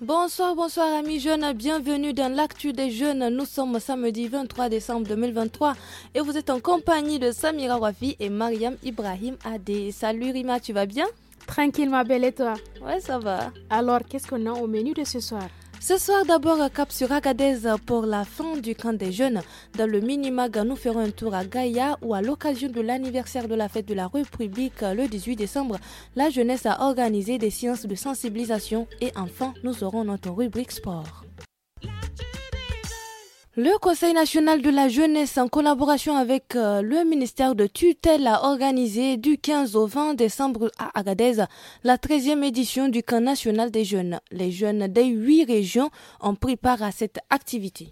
Bonsoir, bonsoir amis jeunes, bienvenue dans l'actu des jeunes. Nous sommes samedi 23 décembre 2023 et vous êtes en compagnie de Samira Wafi et Mariam Ibrahim Adé. Salut Rima, tu vas bien Tranquille, ma belle, et toi Ouais, ça va. Alors, qu'est-ce qu'on a au menu de ce soir ce soir d'abord cap sur Agadez pour la fin du camp des jeunes. Dans le mini-mag, nous ferons un tour à Gaïa où à l'occasion de l'anniversaire de la fête de la République le 18 décembre, la jeunesse a organisé des séances de sensibilisation et enfin nous aurons notre rubrique sport. Le Conseil national de la jeunesse, en collaboration avec euh, le ministère de tutelle, a organisé du 15 au 20 décembre à Agadez la 13e édition du camp national des jeunes. Les jeunes des huit régions ont pris part à cette activité.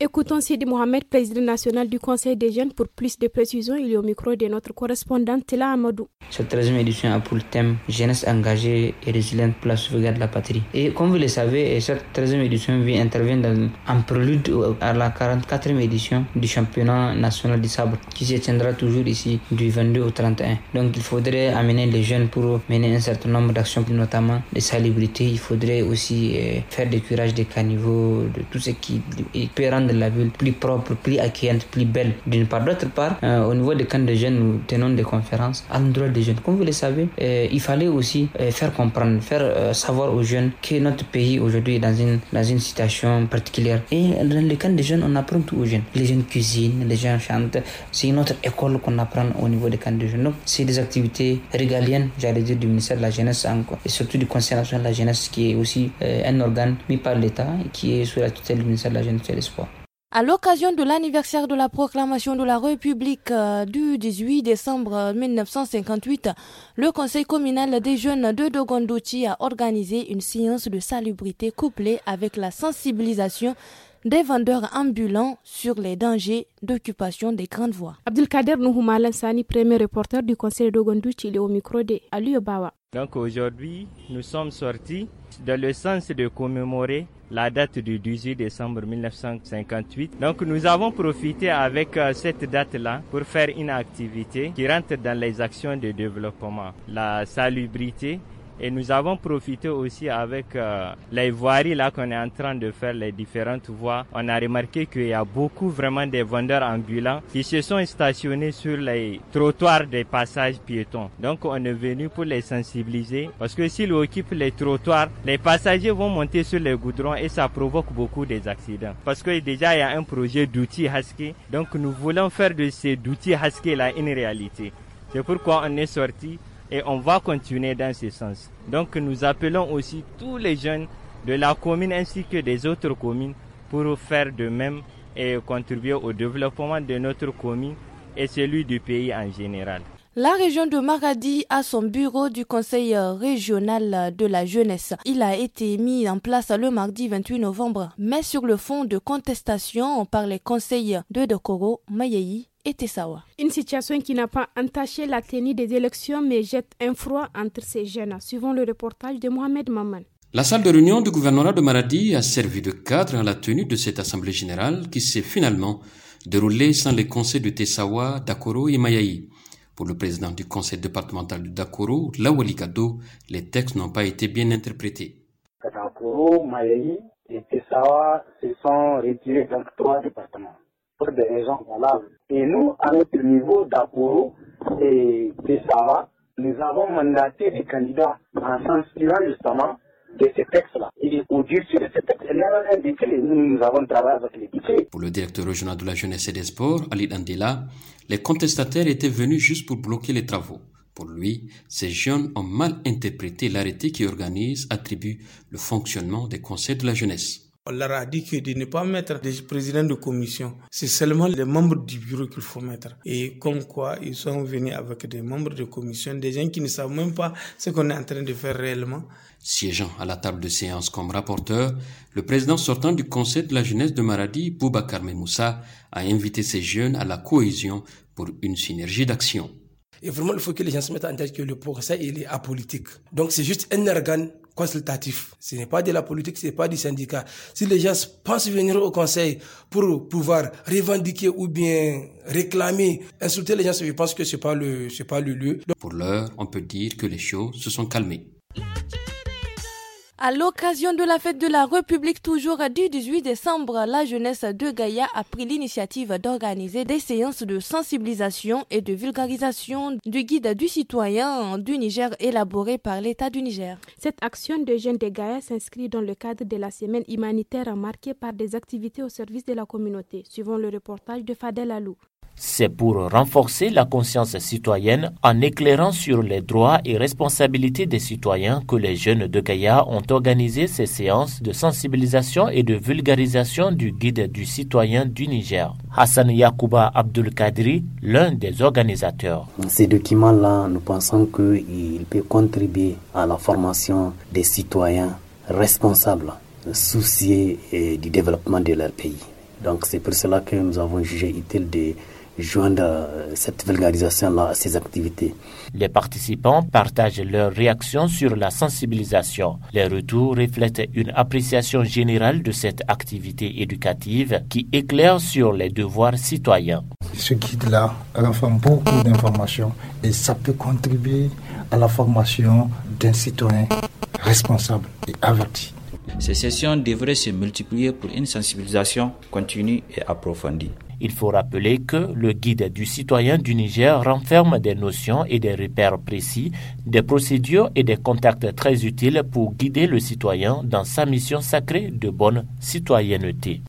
Écoutons Sidi Mohamed, président national du Conseil des jeunes. Pour plus de précisions, il est au micro de notre correspondante Tela Amadou. Cette 13e édition a pour thème Jeunesse engagée et résiliente pour la sauvegarde de la patrie. Et comme vous le savez, cette 13e édition vient intervenir en prélude à la 44e édition du championnat national du sabre qui se tiendra toujours ici du 22 au 31. Donc il faudrait amener les jeunes pour mener un certain nombre d'actions, notamment les salubrités. Il faudrait aussi euh, faire des curages des caniveaux, de tout ce qui peut rendre de la ville plus propre, plus accueillante, plus belle, d'une part. D'autre part, euh, au niveau des camps de jeunes, nous tenons des conférences à l'endroit des jeunes. Comme vous le savez, euh, il fallait aussi euh, faire comprendre, faire savoir aux jeunes que notre pays aujourd'hui est dans une, dans une situation particulière. Et dans les camps de jeunes, on apprend tout aux jeunes. Les jeunes cuisinent, les jeunes chantent. C'est une autre école qu'on apprend au niveau des camps de jeunes. Donc, c'est des activités régaliennes, j'allais dire, du ministère de la Jeunesse encore, et surtout du Conseil de la Jeunesse qui est aussi un organe mis par l'État qui est sous la tutelle du ministère de la Jeunesse et de l'Espoir. À l'occasion de l'anniversaire de la proclamation de la République euh, du 18 décembre 1958, le Conseil communal des jeunes de Dogondouchi a organisé une séance de salubrité couplée avec la sensibilisation des vendeurs ambulants sur les dangers d'occupation des grandes voies. Abdelkader Nouhoumalan Sani, premier reporter du Conseil de Dogondouchi, il est au micro de Aliyobawa. Donc aujourd'hui, nous sommes sortis dans le sens de commémorer la date du 18 décembre 1958. Donc nous avons profité avec euh, cette date-là pour faire une activité qui rentre dans les actions de développement, la salubrité et nous avons profité aussi avec euh, les voiries là qu'on est en train de faire les différentes voies. On a remarqué qu'il y a beaucoup vraiment des vendeurs ambulants qui se sont stationnés sur les trottoirs des passages piétons. Donc on est venu pour les sensibiliser parce que s'ils occupent les trottoirs, les passagers vont monter sur les goudrons et ça provoque beaucoup des accidents. Parce que déjà il y a un projet d'outils Husky. Donc nous voulons faire de ces outils Husky là une réalité. C'est pourquoi on est sorti et on va continuer dans ce sens. Donc nous appelons aussi tous les jeunes de la commune ainsi que des autres communes pour faire de même et contribuer au développement de notre commune et celui du pays en général. La région de Maradi a son bureau du Conseil régional de la jeunesse. Il a été mis en place le mardi 28 novembre, mais sur le fond de contestation par les conseils de Dekoro, Mayeyi et Tessawa. Une situation qui n'a pas entaché la tenue des élections mais jette un froid entre ces jeunes, suivant le reportage de Mohamed Maman. La salle de réunion du gouvernorat de Maradi a servi de cadre à la tenue de cette assemblée générale qui s'est finalement déroulée sans les conseils de Tessawa, Dakoro et Mayaï. Pour le président du conseil départemental de Dakoro, Lawali Gado, les textes n'ont pas été bien interprétés. Dakoro, Mayaï et Tessawa se sont retirés dans trois départements pour des raisons valables. Et nous, à notre niveau d'Akuro et de Sava, nous avons mandaté des candidats en s'inscrivant justement de ces textes-là. Et au-dessus de ces textes-là, nous, nous avons travaillé avec les Pour le directeur régional de la jeunesse et des sports, Ali Dandela, les contestataires étaient venus juste pour bloquer les travaux. Pour lui, ces jeunes ont mal interprété l'arrêté qui organise, attribue le fonctionnement des conseils de la jeunesse leur a dit que de ne pas mettre des présidents de commission. C'est seulement les membres du bureau qu'il faut mettre. Et comme quoi, ils sont venus avec des membres de commission, des gens qui ne savent même pas ce qu'on est en train de faire réellement. Siégeant à la table de séance comme rapporteur, le président sortant du Conseil de la jeunesse de Maradi, Boubacar Moussa, a invité ces jeunes à la cohésion pour une synergie d'action. Et vraiment, il faut que les gens se mettent en tête que le procès il est apolitique. Donc, c'est juste un organe consultatif. Ce n'est pas de la politique, ce n'est pas du syndicat. Si les gens pensent venir au conseil pour pouvoir revendiquer ou bien réclamer, insulter les gens, je pense que ce n'est pas, le, pas le lieu. pour l'heure, on peut dire que les choses se sont calmées. À l'occasion de la fête de la République, toujours du 18 décembre, la jeunesse de Gaïa a pris l'initiative d'organiser des séances de sensibilisation et de vulgarisation du guide du citoyen du Niger élaboré par l'État du Niger. Cette action de jeunes de Gaïa s'inscrit dans le cadre de la semaine humanitaire marquée par des activités au service de la communauté, suivant le reportage de Fadel Alou. C'est pour renforcer la conscience citoyenne en éclairant sur les droits et responsabilités des citoyens que les jeunes de Gaïa ont organisé ces séances de sensibilisation et de vulgarisation du guide du citoyen du Niger. Hassan Yakuba Abdul Kadri, l'un des organisateurs. Ces documents-là, nous pensons qu'ils peuvent contribuer à la formation des citoyens responsables, souciés du développement de leur pays. Donc c'est pour cela que nous avons jugé utile de joindre euh, cette vulgarisation à ces activités. Les participants partagent leurs réactions sur la sensibilisation. Les retours reflètent une appréciation générale de cette activité éducative qui éclaire sur les devoirs citoyens. Ce guide-là renferme beaucoup d'informations et ça peut contribuer à la formation d'un citoyen responsable et averti. Ces sessions devraient se multiplier pour une sensibilisation continue et approfondie. Il faut rappeler que le guide du citoyen du Niger renferme des notions et des repères précis, des procédures et des contacts très utiles pour guider le citoyen dans sa mission sacrée de bonne citoyenneté.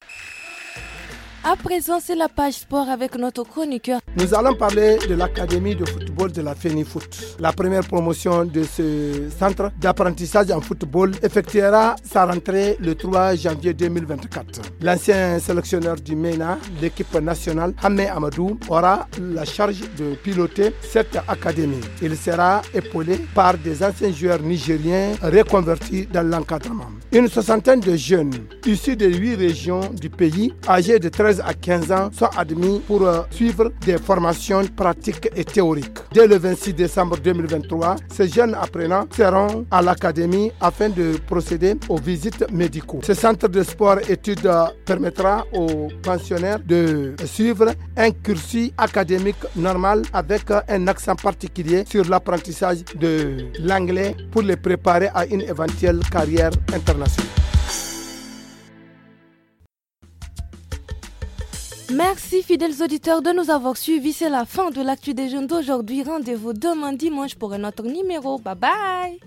À présent, c'est la page sport avec notre chroniqueur. Nous allons parler de l'Académie de football de la FENIFOOT. La première promotion de ce centre d'apprentissage en football effectuera sa rentrée le 3 janvier 2024. L'ancien sélectionneur du MENA, l'équipe nationale, Hamé Amadou, aura la charge de piloter cette académie. Il sera épaulé par des anciens joueurs nigériens reconvertis dans l'encadrement. Une soixantaine de jeunes issus de huit régions du pays, âgés de 13 à 15 ans sont admis pour euh, suivre des formations pratiques et théoriques. Dès le 26 décembre 2023, ces jeunes apprenants seront à l'académie afin de procéder aux visites médicaux. Ce centre de sport études euh, permettra aux pensionnaires de suivre un cursus académique normal avec euh, un accent particulier sur l'apprentissage de l'anglais pour les préparer à une éventuelle carrière internationale. Merci fidèles auditeurs de nous avoir suivis. C'est la fin de l'actu des jeunes d'aujourd'hui. Rendez-vous demain dimanche pour un autre numéro. Bye bye